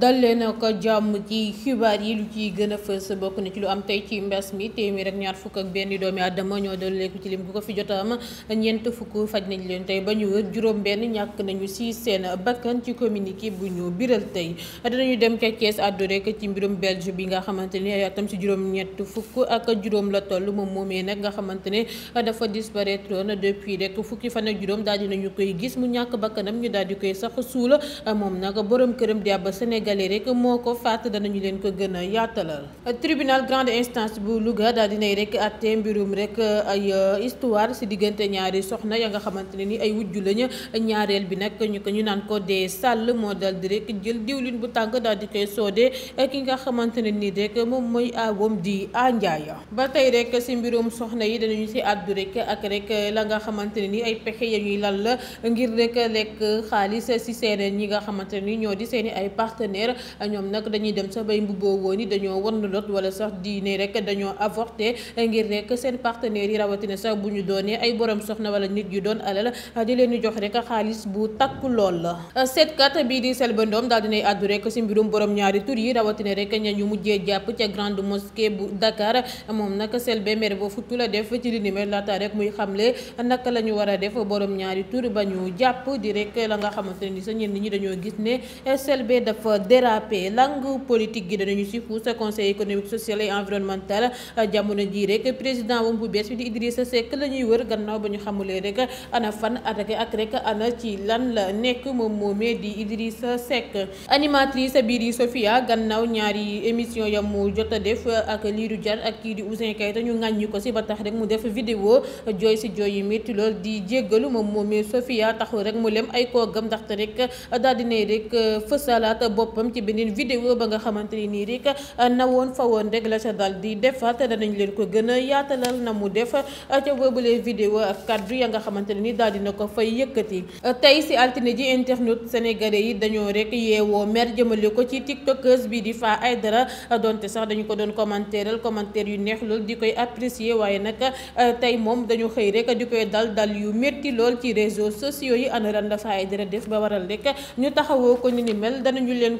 dal leen ko jàmm ci xibaar yi lu ciy gën a fës bokk na ci lu am tey ci mbas mi téeméer ak ñaar fukk ak benn doom doomi aadama ñoo dooleeku ci lim bu ko fi jot am ñeent fukk faj nañ leen tey ba ñu wër juróom-benn ñàkk nañu si seen bakkan ci communiqué bu ñu biral tey dinañu dem ca Thiès àddu rek ci mbirum belge bi nga xamante ne atam si juróom-ñett fukk ak juróom la toll moom moomee nag nga xamante ne dafa disparaître woon depuis rek fukki fan ak juróom daal nañu koy gis mu ñàkk bakkanam ñu daal di koy sax suula moom nag borom këram di ab sénégalais rek moo ko faat danañu leen ko gën a yaatalal tribunal grande instance bu Louga daal dinay rek atte mbirum rek ay euh, histoire si diggante ñaari soxna ya nga xamante ne ni ay wujju lañu ñaareel bi nag ñu ñu naan ko dee sàll moo dal di rek jël diwlin bu tàng daal di koy soodee euh, ki nga xamante ne nii rek moom mooy aawam di anjaaya ba tey rek si mbirum soxna yi danañu si àddu rek ak rek la nga xamante ne ni ay pexe ya ñuy lal ngir rek lekk xaalis si seen ñi nga xamante ne ni ñoo di seen ay dernière ñoom nag dañuy dem sa bay mbubboo woon ni dañoo warndulot wala sax diine rek dañoo avorté ngir rek seen partenaires yi rawatina sax bu ñu doonee ay borom soxna wala nit yu doon alal di leen jox rek xaalis bu takk lool la seetkat bii di Selbé Ndom daal dinay àddu rek si mbirum borom ñaari tur yi rawatina rek ña ñu mujjee jàpp ca grande mosquée bu Dakar moom nag Selbé mer ba futtu la def ci li ni mel laata rek muy xamle naka la ñu war a def borom ñaari tur ba ñu jàpp di rek la nga xamante ne ni sa ñenn ñi dañoo gis ne Selbé dafa dérapé langue politique gi danañu si pousse conseil économique social et environnemental jamono ji rek président wam bu bees bi di Idrissa sa la ñuy wër gannaaw ba ñu xamulee rek ana fan attaqué ak rek ana ci lan la nekk moom moomee di Idrissa Seck animatrice Biry Sophia gannaaw ñaari émission yam mu jot a def ak Lirou Diane ak kii di Ouzin Keita ñu ŋàññi ko si ba tax rek mu def vidéo jooy si jooy yi métti lool di jéggalu moom moomee Sophia taxul rek mu lem ay koogam ndaxte rek boppam ci beneen vidéo ba nga xamante ni nii rek uh, na woon fa woon rek la ca dal di defaat danañ leen ko gën a yaatalal na mu def uh, ca boobulee vidéo ak kaddu ya nga xamante ne ni daal dina ko fay yëkkati uh, tey si altine ji internet sénégalais yi dañoo rek yeewoo mer jëmale ko ci tiktokeuse bi di ay dara donte sax dañu ko doon commentéeral commentaire yu neex lool di koy apprécier waaye nag tey moom dañu xëy rek di koy dal dal yu métti lool ci réseaux sociaux yi ana ran la ba waral rek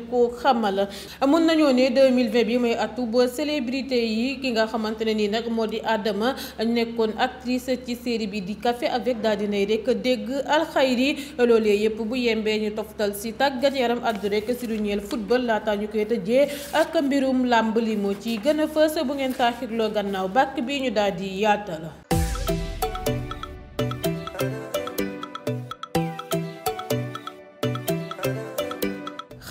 ko xamal mun nañoo ne 2020 bi mooy atu ba célébrité yi ki nga xamante ne nii nag moo di Adama nekkoon actrice ci série bi di kafe avec daal nay rek dégg alxayri loole yëpp bu yembee ñu toftal si tàggat yaram addu rek si lu ñeel football laata ñu koy tëjee ak mbirum làmb li moo ci gën a fës bu ngeen taaxirloo gannaaw bàkk bi ñu daal di la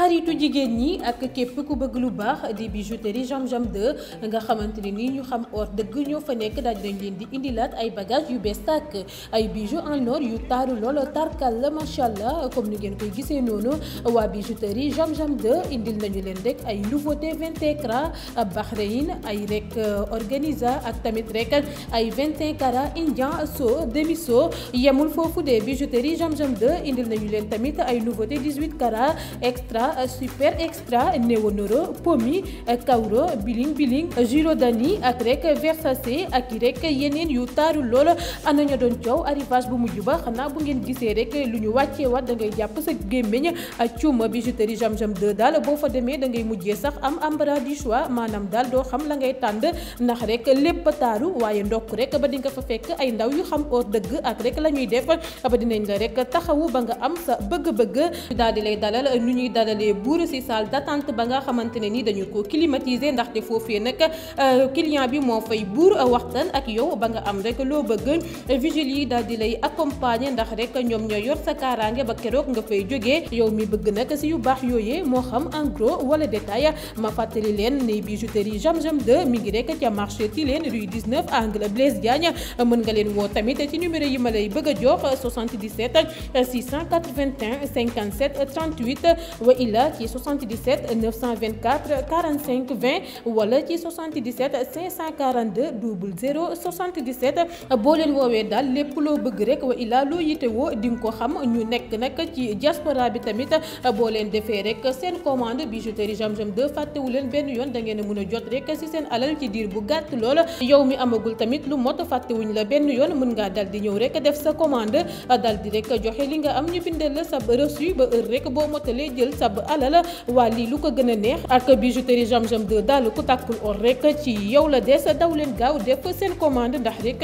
xaritu jigéen ñi ak képp ku bëgg lu baax di bijouterie Jam Jam 2 nga xamante ni nii ñu xam or dëgg ñoo fa nekk daaj dañ leen di indilaat ay bagages yu bees tàkk ay bijoux en or yu taaru lool tarkal la macha allah comme ni ngeen koy gisee noonu waa bijouterie Jam Jam 2 indil nañu leen rek ay nouveauté vingt et carats Bahreïn ay rek euh, organisa ak tamit rek ay vingt et un carats indien so demi so yemul foofu de bijouterie Jam Jam 2 indil nañu leen tamit ay nouveauté dix huit carats extra. Euh, super extra néonoro pomi euh, kawro biling biling jurodani ak rek versace ak i rek yeneen yu taaru lool ana ñu doon coow arrivage bu mujj ba xanaa bu ngeen gisee rek lu ñu wàccee wat da ngay jàpp sa gémmiñ cuuma bijouterie jam jam de daal boo fa demee da ngay mujjee sax am embarras du choix maanaam daal doo xam la ngay tànd ndax rek lépp taaru waaye ndokk rek ba di nga fa fekk ay ndaw yu xam or dëgg ak rek la ñuy def ba dinañ la rek taxawu ba nga am sa bëgg-bëgg daal waaye buur si salle d'attente ba nga xamante ne ni dañu ko climatiser ndaxte foofee nag euh, client bi moo fay buur waxtaan ak yow ba nga am rek loo bëgg vigile yi daal di lay accompagner ndax rek ñoom ñooy yor sa kaaraange ba keroog nga fay jógee yow mi bëgg nag si yu baax yooyee moo xam en gros wala détail ma fàttali leen ne bijouterie Jam Jam 2 mi ngi rek ca marché Tilène rue 19 angle Blaise Diagne mën nga leen woo tamit ci numéro yi ma lay bëgg a jox 77 la ci 77 924 45 20 wala ci 77 542 00 77 boo leen woowee daal lépp loo bëgg rek wa illaa loo yitewoo di nga ko xam ñu nekk nag ci diaspora bi tamit boo leen defee rek seen commande bijouterie Jam Jam 2 fàttewu leen benn yoon da ngeen a mën a jot rek si seen alal ci diir bu gàtt lool yow mi amagul tamit lu mot fàttewuñ la benn yoon mën ngaa dal di ñëw rek def sa commande dal di rek joxe li nga am ñu bindal sab reçu ba heure rek boo motalee jël sab alal waa lii lu ko gën a neex ak bijouterie Jam Jam 2 daal ku tàkkul or rek ci yow la des daw leen gaaw def seen commande ndax rek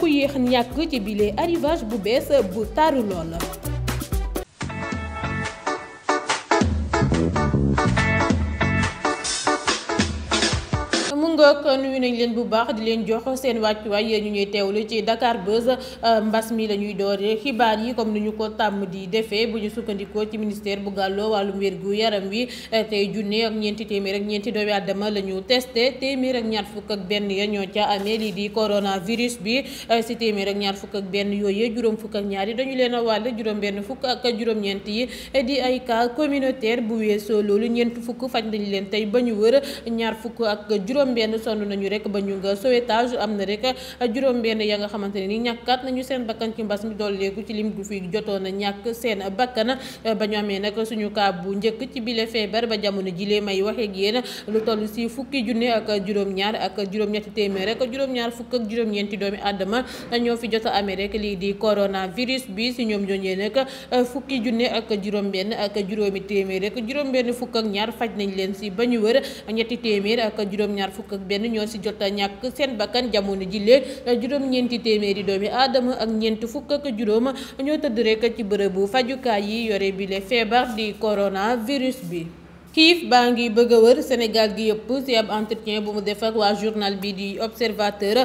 ku yéex ñàkk ci bile arrivage bu bees bu taaru lool mbokk nuyu nañ leen bu baax di leen jox seen wàccuwaay yéen ñu ñuy teewlu ci Dakar Buzz euh, mbas mi la ñuy doore xibaar yi comme ni ñu ko tàmm di defee bu ñu sukkandikoo ci ministère bu gàlloo wàllu wér gu yaram wi euh, tey junne ak ñeenti téeméer ak ñeenti doomi àddama la ñu testé téeméer ak ñaar fukk ak benn ya ñoo ca amee lii di coronavirus bi euh, si téeméer ak ñaar fukk ak benn yooyee juróom fukk ak ñaar yi dañu leen a wàll juróom benn fukk ak juróom-ñeent yi di ay cas communautaire bu weesoo loolu ñeent fukk faj leen tey ba ñu wër ñaar fukk ak ne sonn nañu rek ba ñu nga sauvetage am na rek juróom benn ya nga xamante ne ni ñàkkaat nañu seen bakkan ci mbas mi dolleeku ci lim gu fi jotoon a ñàkk seen bakkan ba ñu amee nag suñu kaa bu njëkk ci bile feebar ba jamono jilee may waxee ak yéen lu toll si fukki junne ak juróom-ñaar ak juróom-ñetti téeméer rek juróom-ñaar fukk ak juróom-ñeenti doomi àddama ñoo fi jot a amee rek lii di coronavirus bi si ñoom ñooñee nag fukki junne ak juróom-benn ak juróomi téeméer rek juróom-benn fukk ak ñaar nañ leen si ba ñu benn ñoo si jot a ñàkk seen bakkan jamono ji lee juróom-ñeenti téeméeri doomi aadama ak ñeenti fukk ak juróom ñoo tëdd rek ci bërëbu fajukaay yi yore bi feebar di coronavirus bi. xiif baa ngi bëgg a wër Sénégal gi yëpp ci ab entretien bu mu def waa journal bi di observateur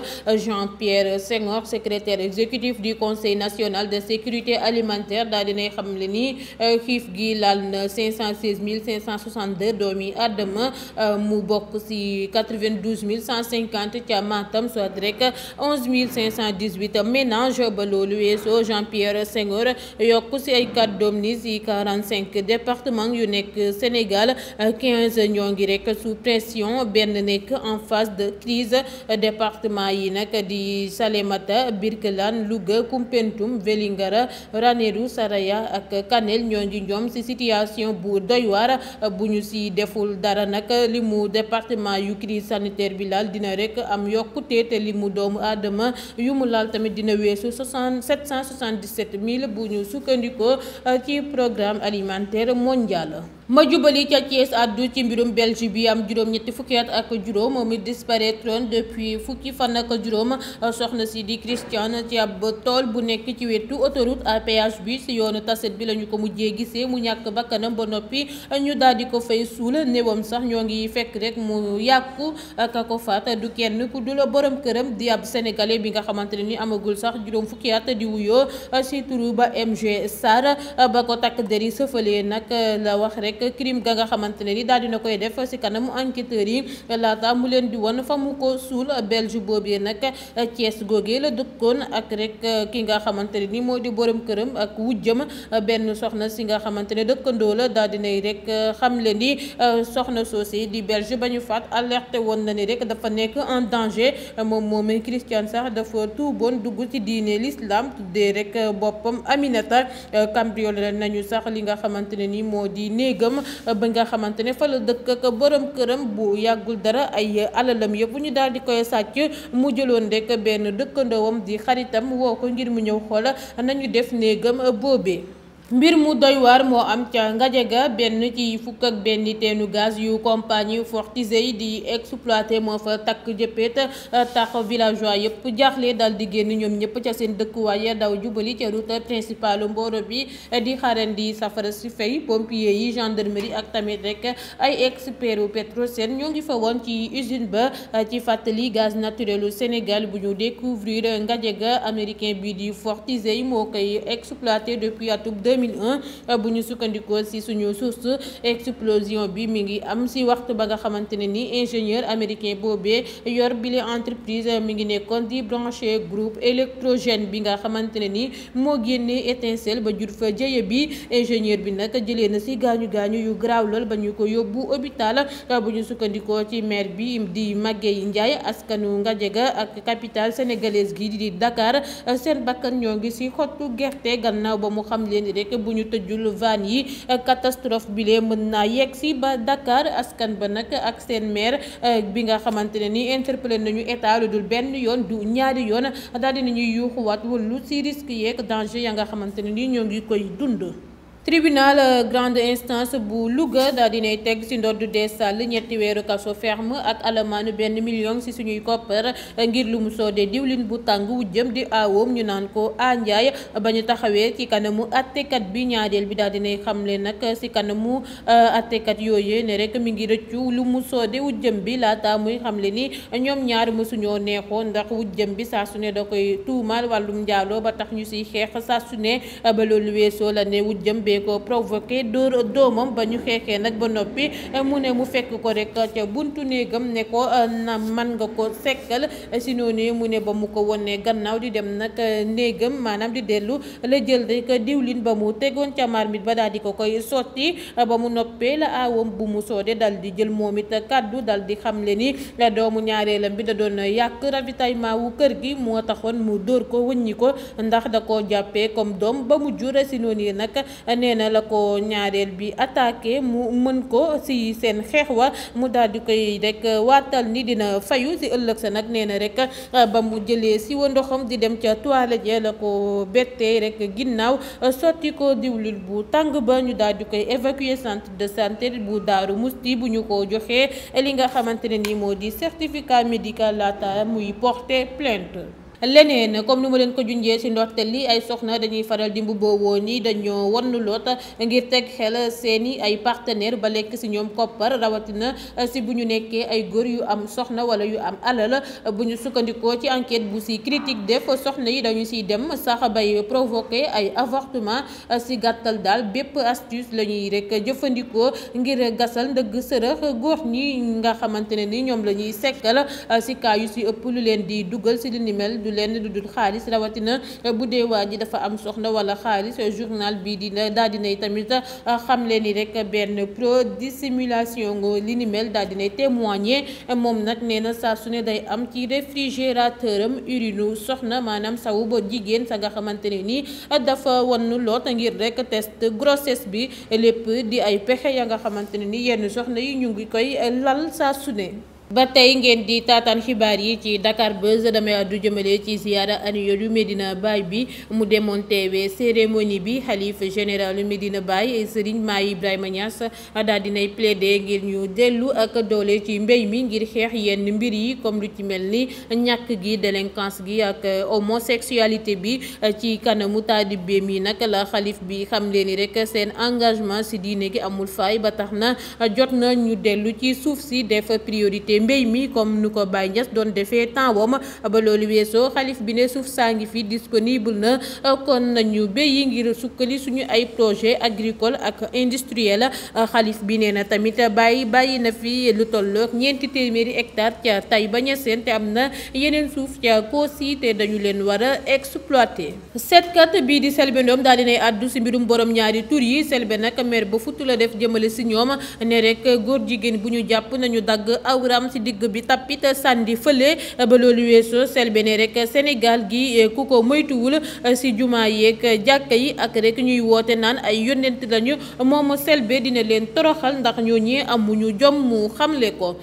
Jean-Pierre Senghor secrétaire exécutif du conseil national de sécurité alimentaire daal dinay xam le ni euh, xiif gi laal na 516 562 doomi aadama euh, mu bokk ci 92 150 ca Matam soit rek 11 518 ménage ba loolu weesoo Jean-Pierre Senghor yokk ci ay kàddoom ni ci 45 département yu nekk Sénégal Euh, quinze ñoo ngi rek sous pression benn nekk en face de crise département yi nag di Salémata Birkelane Louga Koumpentoum Vélingara Ranérou Saraya ak Kanel ñoo ngi ñoom ci situation bu doy waar bu ñu ci deful dara nag li mu département yu crise sanitaire bi laal dina rekk am yokkute te li mu doomu aadama yu mu laal tamit dina weesu 777 000 bu ñu sukkandikoo euh, ci programme alimentaire mondial ma jubali ca Thiès àddu ci mbirum belge bi am juróom-ñetti fukki at ak juróom mi disparaîtron depuis fukki fan ak juróom soxna si di Christiane ci ab tool bu nekk ci wetu autoroute à péage bi si yoonu taset bi lañu ko mujjee gisee mu ñàkk bakkanam ba noppi ñu daal di ko fay suul néewam sax ñoo ngi fekk rek mu yàqu a ko faat du kenn ku dul borom këram di ab sénégalais bi nga xamante ne ni amagul sax juróom fukki at di wuyoo si turu ba MG Sarr ba ko takk xamante ne ni daal dina koy def si kanamu enquêteurs yi laata mu leen di won fa mu ko suul belge boobee nag Thiès googee la dëkkoon ak rek eh, ki nga xamante ne ni moo di borom këram ak wujjam eh, benn soxna si nga xamante ne dëkkandoo la daal dinay rek eh, xam leen ni soxna soosee di belge ba ñu fat alerté woon na ni rek dafa nekk en danger moom moomee Christian sax dafa tuuboon dugg ci diine l'islam tuddee rek boppam Aminata cambriolé nañu sax li nga xamante ne ni moo di néegam nga xamante ne fa la dëkk ak borom këram bu yàggul dara ay alalam yëpp ñu daal di koy sàcc mu jëloon rek benn dëkkandoowam di xaritam woo ko ngir mu ñëw xoola nañu def néegam boobe mbir mu doy moo am ca Ngadiaga benn ci fukk benn teenu gaz yu compagnie Fortisey di exploité moo fa takk jëppeet tax villageois yëpp jaaxle dal di génn ñoom ñëpp ca seen dëkkuwaay daw jubali ca route principale Mboro bi di xaarandi di safara si fay pompier yi gendarmerie ak tamit rek ay expertu Petrosen ñoo ngi fa woon ci usine ba ci fàttali gaz naturel u Sénégal bu ñu découvrir Ngadiaga américain bi di Fortisey moo koy exploité depuis atum 2001 bu ñu sukkandikoo si suñu source explosion bi mi ngi am si waxtu ba nga xamante ne ni ingénieur américain boobee yor bile entreprise mi ngi nekkoon di branché groupe électrogène bi nga xamante ne ni moo génnee étincelle ba jur fa jëye bi ingénieur bi nag jëlee na si gaañu gaañu yu garaaw lool ba ñu ko yóbbu hôpital bu ñu sukkandikoo ci maire bi di yi Ndiaye askanu Ngadiaga ak capitale sénégalaise gi di Dakar seen bakkan ñoo ngi si xottu gerte gannaaw rek bu ñu tëjul vanne yi catastrophe bi lee mën naa yegg si ba Dakar askan ba nag ak seen maire bi nga xamante ne ni interpellé nañu état lu dul benn yoon du ñaari yoon daal dinañuy yuuxuwaat wëllu si risque yeeg danger ya nga xamante ne ni ñoo ngi koy dund tribunal euh, grande instance bu Louga daal dinay teg ci ndoddu Dee Sall ñetti weeru kaso ferme ak alamaanu benn million ci suñuy koppar euh, ngir lu mu soodee diwlin bu tàng wujjëm di aawoom ñu naan ko A Ndiaye ba ñu taxawee ci kanamu attekat bi ñaadeel bi daal dinay xamle nag ci kanamu euh, attekat yooyu ne rek mi ngi rëccu lu mu soodee wujjëm bi laata muy xamle ni ñoom ñaar mësuñoo neexoo ndax wujjëm bi saa su ne da koy tuumaal wàllum njaaloo ba tax ñu ciy xeex saa su ne bi bee ko provoqué dóor doomam ba ñu xeexee nag ba noppi mu ne mu fekk ko rek ca buntu néegam ne ko ah, na man nga ko sekkal si noonu mu ne ba mu ko wonee gannaaw di dem nag eh, néegam maanaam di dellu la jël rek diwlin ba mu tegoon ca marmite ba daal di ko koy sotti ba mu noppee la aawam bu mu soode dal di jël moom it kàddu dal di xamle ni eh, doomu ñaareelam bi da doon yàq ravitaillement wu kër gi moo taxoon mu dóor ko wëññi ko ndax da koo jàppee comme doom nee na la ko ñaareel bi attaqué mu mën ko si seen xeex wa mu daal di koy rek waatal ni dina fayu si ëllëg sa nag nee na rek euh, ba mu jëlee si wa ndoxam di dem ca toilette ya la ko bettee rek ginnaaw euh, sotti ko diwlil bu tàng ba ñu daal koy évacuer centre de santé bu daaru musti bu ñu ko joxee li nga xamante ne ni moo di certificat médical laata muy porter plainte leneen comme ni ma leen ko junjee ci ndorteel li ay soxna dañuy faral di mbubboo woo ni dañoo wannu loot ngir teg xel seeni ay partenaire ba lekk ci ñoom koppar rawatina ci bu ñu nekkee ay góor yu am soxna wala yu am alal bu ñu sukkandikoo ci enquête bu ci critique def soxna yi dañu ciy dem sax bay provoquer ay avortement ci gàttal daal bépp astuce la ñuy rek jëfandikoo ngir gasal ndëgg sërëx góor ñi nga xamante ne ni ñoom la ñuy sekkal ci kaa yu ci ëpp lu leen di dugal ci li ni du lenn du xaalis rawatina eh, bu dee waa dafa am soxna wala xaalis eh, journal bi dina daal dinay tamit eh, xam leen ni rek benn pro dissimulation li ni mel daal dinay témoigner moom nag nee na saa su ne day am ci réfrigérateur am urinu soxna maanaam sawu ba jigéen sa nga xamante ne nii dafa wannu loot ngir rek test grossesse bi lépp di ay pexe ya nga xamante ne ni yenn soxna yi ñu ngi koy lal saa su ne ba tey ngeen di taataan xibaar yi ci Dakar Buzz damay àddu jëmale ci ziyaara annuelle yu Medina baay bi mu demoon teewee cérémonie bi xalif général Medina Baye Serigne Maye Ibrahima Niass daal dinay plaider ngir ñu dellu ak doole ci mbéy mi ngir xeex yenn mbir yi comme lu ci mel ni ñàkk gi délinquance gi ak homosexualité bi ci kanamu taalibe mi nag la xalifa bi xam leen ni rek seen engagement ci diine gi amul faay ba tax na jot na ñu dellu ci suuf si def priorité. mbéy mi comme nu ko Baye Niass doon defee temps wam ba loolu weesoo xalif bi ne suuf saa ngi fi disponible na kon nañu béyi ngir sukkali suñu ay projet agricole ak industriel xalif bi nee na tamit bàyyi bàyyi na fi lu tollook ñeenti téeméeri hectare ca ba Niassène te am na yeneen suuf ca Kossy te dañu leen war a exploité seetkat bii di Selbé Ndom daal dinay àddu si mbirum borom ñaari tur yi Selbé nag maire ba futu la def jëmale si ñoom ne rek góor jigéen bu ñu jàpp nañu dagg awram ci digg bi tapit sànni fële eh, ba loolu weesoo selbe ne rek Sénégal gi eh, ku ko moytuwul eh, si juma yeeg jàkka yi ak rek ñuy woote naan ay yónnent lañu moom selbe dina leen toroxal ndax ñooñee amuñu jom mu xamle ko.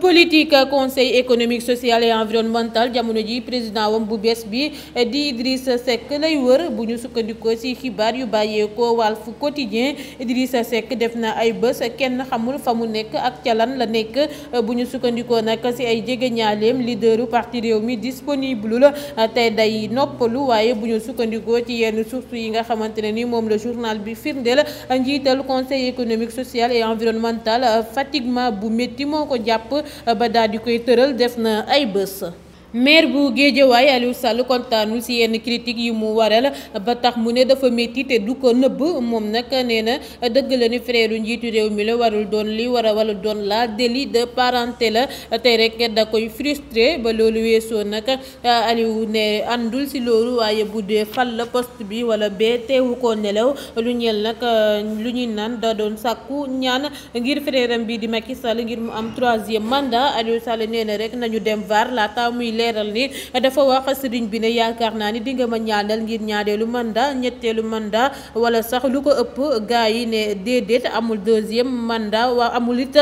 politique conseil économique social et environnemental jamono ji président wam bu bees bi di Idrissa Seck lay wër bu ñu sukkandikoo si xibaar yu bàyyeekoo Walf Quotidien Idrissa Seck def na ay bés kenn xamul fa mu nekk ak calan la nekk bu ñu sukkandikoo nag si ay jege ñaaleem leaderu parti réew mi disponible la tey day noppalu waaye bu ñu sukkandikoo ci yenn source yi nga xamante ne ni moom la journal bi firndeel njiital conseil économique social et environnemental fatigma bu métti moo ko jàpp ba daal di koy tëral def na ay bés. maire bu Guédiawaye Aliou Sall kontaanul ci yenn critique yi mu waral ba tax mu ne dafa métti te du ko nëbb moom nag nee na dëgg la ni frère njiitu réew mi la warul doon li war a wala doon la délit de parenté la te rek da koy frustré ba loolu weesoo nag Aliou ne àndul ci loolu waaye bu dee fal la poste bi wala bee teewu ko nelaw lu la nag lu ñuy naan da doon sàkku ñaan ngir frère am bi di Macky Sall ngir mu am troisième mandat Aliou Sall nee rek nañu dem var laata leeral ni dafa wax sëriñ bi ne yaakaar naa ni di nga ma ñaanal ngir ñaareelu mandat ñetteelu mandat wala sax lu ko ëpp gaa yi ne déedéet amul deuxième mandat waa amul it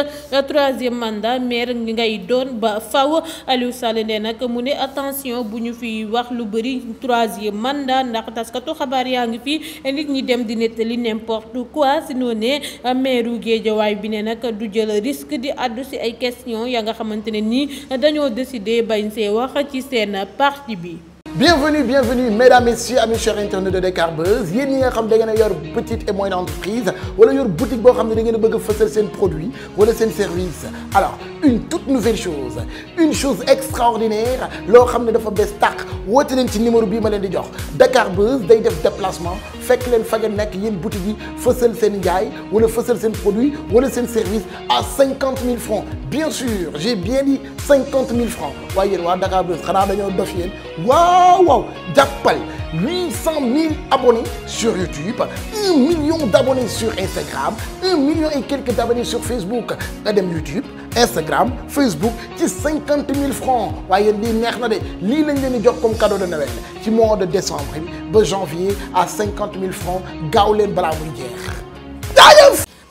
troisième mandat maire ngay doon ba faw Aliou Sall ne nag mu ne attention bu ñu fi wax lu bëri troisième mandat ndax taskatu xabaar yaa ngi fi nit ñi dem di nettali n'importe quoi si noo ne maire Géejawaay bi ne nag du jël risque di àddu si ay question ya nga xamante nii dañoo décider bañ see wax ci seen parti bi. bienvenue bienvenue mesdames messieurs amis chers internautes de Dakar Buzz yéen ñi nga xam da ngeen a yor petite et moyenne entreprise wala yor boutique boo xam ne da ngeen a bëgg a seen produit wala seen service alors. une toute nouvelle chose une chose extraordinaire loo xam ne dafa bees tàq woote leen ci numéro bii ma leen di jox Dakar Buzz day def déplacement fekk leen fa ngeen nekk yéen boutique yi fësal seen njaay wala fësal seen produit wala seen service à cinquante mille francs bien sûr j'ai bien dit cinquante mille francs waaye yéen waa Dakar Buzz xanaa dañoo dof yéen waaw waaw jàppal huit cent mille abonnés sur YouTube un million d'abonnés sur Instagram un million et quelques d'abonnés sur Facebook nga dem YouTube. Instagram Facebook ci cinquante mille francs waaye yéen lii neex na de lii lañ leen di jox comme cadeau de Noël ci mois de décembre bi ba janvier à cinquante mille francs gaaw leen balaa muy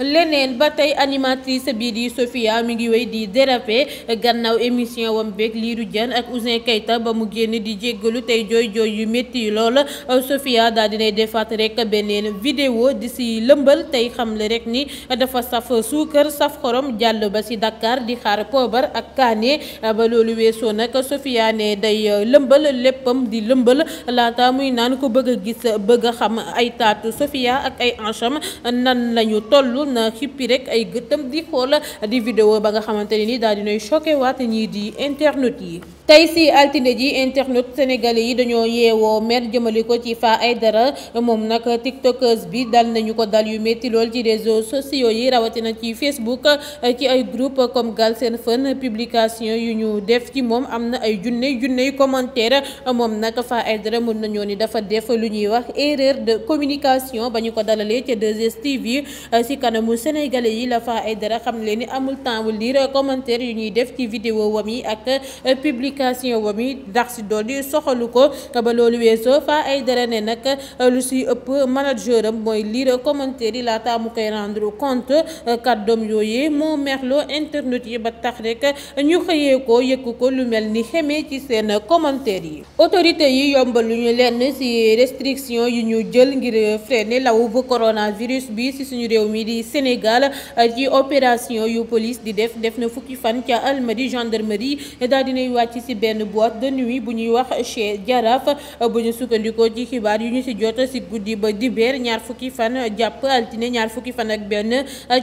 leneen ba tey animatrice bii di Sofia mi ngi wéy di déraper gannaaw émission wam beeg Lirou Diane ak ousin Keita ba mu génn di jéggalu tey jooy jooy yu métti lool Sofia daal dinay defaat rek beneen vidéo di si lëmbal tey xamle rek ni dafa saf suukar saf xorom jàll ba si Dakar di xaar poobar ak kaane ba loolu weesoo nag Sofia ne day lëmbal léppam di lëmbal laata muy naan ko bëgg gis bëgg xam ay taatu Sofia ak ay ancham nan lañu toll na xippi rek ay gëttam di xool di vidéo ba nga xamante ne ni daal dinay choqué waat ñii di internet yi tey si altine ji internet sénégalais yi dañoo yeewoo mer jëmale ko ci Fa dara moom nag tiktokeuse bi dal nañu ko dal yu métti lool ci réseaux sociaux yi rawatina ci Facebook ci ay groupe comme Galsen Fun publication yu ñu def ci moom am na ay junne junne commentaire moom nag ay Aidara mën nañoo ni dafa def lu ñuy wax erreur de communication ba ñu ko dalalee ca 2STV si kanamu sénégalais yi la ay dara xam leen ni amul temps wu lire yu ñuy def ci vidéo wam yi ak application wam yi dax si dolli soxalu ko ba loolu weesoo fa ay dara ne nag lu si ëpp manager am mooy lire commentaire yi laata mu koy rendre compte euh, kàddoom yooyee moo merloo internet yi ba tax rek ñu xëyee ko yëkk ko lu mel ni xemee ci seen commentaire yi autorité yi yombal lu ñu lenn si restriction yu ñu jël ngir freiner law bu coronavirus bi si suñu réew mi di Sénégal euh, ci opération yu police di def def na fukki fan ca almadi gendarmerie daal dinay ci benn boîte de nuit bu ñuy wax chez Jaraaf bu ñu sukkandikoo ci xibaar yu ñu ci jot ci guddi ba dibeer ñaar fukki fan jàpp altine ñaar fukki fan ak benn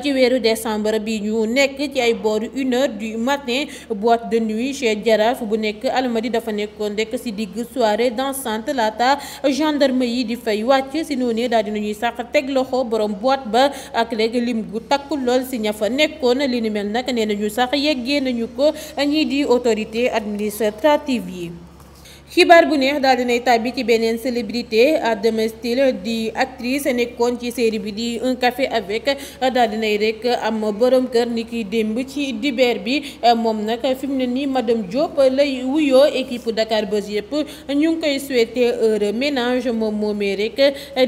ci weeru décembre bi ñu nekk ci ay booru une heure du matin boîte de nuit chez Jaraaf bu nekk Almadi dafa nekkoon rek ci digg soirée dansante laata gendarme yi di fay wàcc ci noonu daal dinañuy sax teg loxo borom boîte ba ak léegi lim gu takkul lool ci ña fa nekkoon li ni mel nag nee ñu sax yeggee nañu ko di autorité administrative administrative yi xibaar bu neex daal nay tàbbi ci beneen célébrité Adama Style di actrice nekkoon ci série bi di un café avec daal dinay rek am boroom kër ni ki démb ci dibeer bi moom nag fi mu ne nii madame Diop lay wuyoo équipe Dakar Buzz yëpp ñu ngi koy souhaiter heure ménage moom moomee rek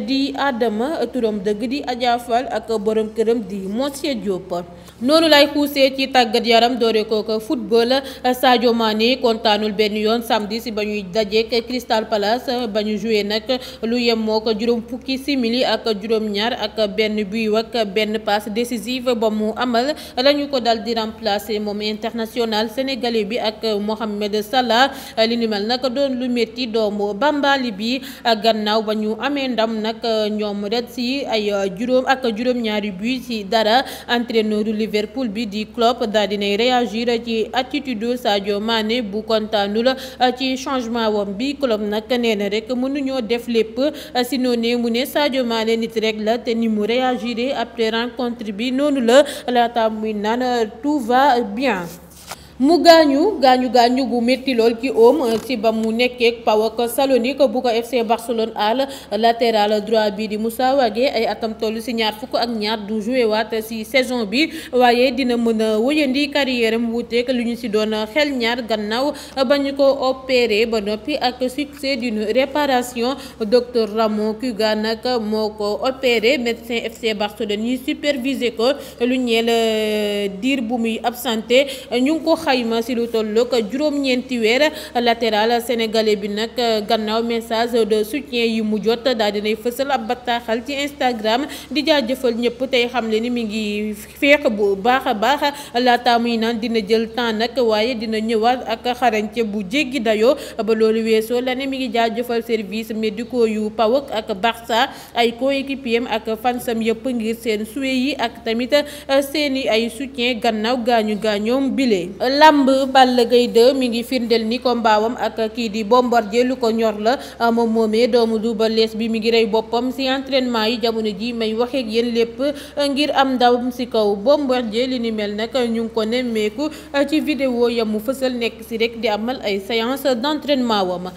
di Adama turam dëgg di Adja ak borom këram di monsieur Diop. noonu lay xuusee ci tàggat yaram doore kooka football Sadio Mané kontaanul benn yoon samedi ba ñuy dajeek Crystal Palace ba ñu joué nag lu yem moo ko juróom fukki simili ak juróom-ñaar ak benn buy wak benn passe décisive ba mu amal lañu ko dal di remplacer moom international sénégalais bi ak Mohamed Salah li ni mel nag doon lu métti doomu Bambali bi gannaaw ba ñu amee ndam nag ñoom ret si ay juróom ak juróom-ñaari buy ci dara entraîneur Liverpool bi di Klopp daal dinay réagir ci attitude Sadio Mané bu kontaanul euh, ci changement wom bi Klopp nag nee na rek mënuñoo def lépp euh, si noonee mu ne Sadio Mané nit rek la te ni mu réagir après rencontre bi noonu la laata muy naan euh, tout va bien mu gaañu gaañu gaañu gu métti lool ci oom ci ba mu nekkeek nekkee PAOK Salonique bu ko FC Barcelone al latéral droit bi di Moussa Wagué ay atam toll ci ñaar fukk ak ñaar du joué waate ci saison bi waaye dina mën a wëyandi carrière am wuuteeg lu ñu ci doon xel ñaar gannaaw ba ñu ko opéré ba noppi ak succès d'une réparation docteur Ramon Cugat nag moo ko opéré médecin FC Barcelone yi supervisé ko lu ñeel euh, diir bu muy absenté ñu ngi ko. xayma si lu tolloog juróom-ñeenti weer latéral sénégalais bi nag gannaaw message de soutien yi mu jot daal dinay fësal ab bataaxal ci Instagram di jaajëfal ñëpp tey xam le ni mi ngi feex bu baax a baax laataa muy naan dina jël temps nag waaye dina ñëwaat ak xarañte bu jéggi dayoo ba loolu weesoo la mi ngi jaajëfal service médicaux yu PAOK ak Barça ay coéquipier am ak fansam yëpp ngir seen suwe yi ak tamit seeni ay soutien gannaaw gaañu gaañoom bile làmb ball Gaye 2 mi ngi firndeel ni ko mbaawam ak kii di Bombardier lu ko ñor la ah, moom moomee doomu Double Less bi mi ngi rey boppam ci entrainement yi jamono ji may waxee ak yéen lépp ah, ngir am ndawam ci kaw Bombardier li ni mel nag ñu ngi ko nemmeeku ah, ci vidéo mu fasal nekk ci rek di amal ay séance d'entraînement wam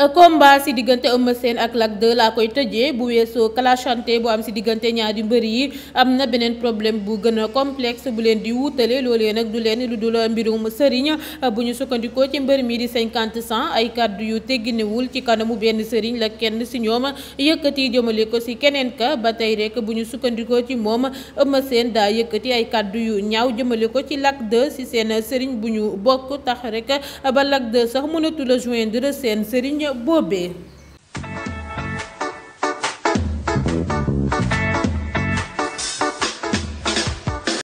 Euh, combat si diggante Eumeu seen ak Lac 2 laa koy tëjee bu weesoo clashante boo am si diggante ñaari mbër yi am na beneen problème bu gën a complexe bu leen di wuutale loolee nag du leen lu dul mbirum sëriñ euh, bu ñu sukkandikoo ci mbër mii di cinquante cent ay kàddu yu tegginewul ci kanamu benn sëriñ la kenn si ñoom yëkkati jëmale ko si keneen ka ba tey rek bu ñu sukkandikoo ci moom Eumeu Sène daa yëkkati ay kàddu yu ñaaw jëmale ko ci Lac de si seen sëriñ bu ñu bokk tax rek ba Lac 2 sax mënatul a joindre seen sëriñ boobee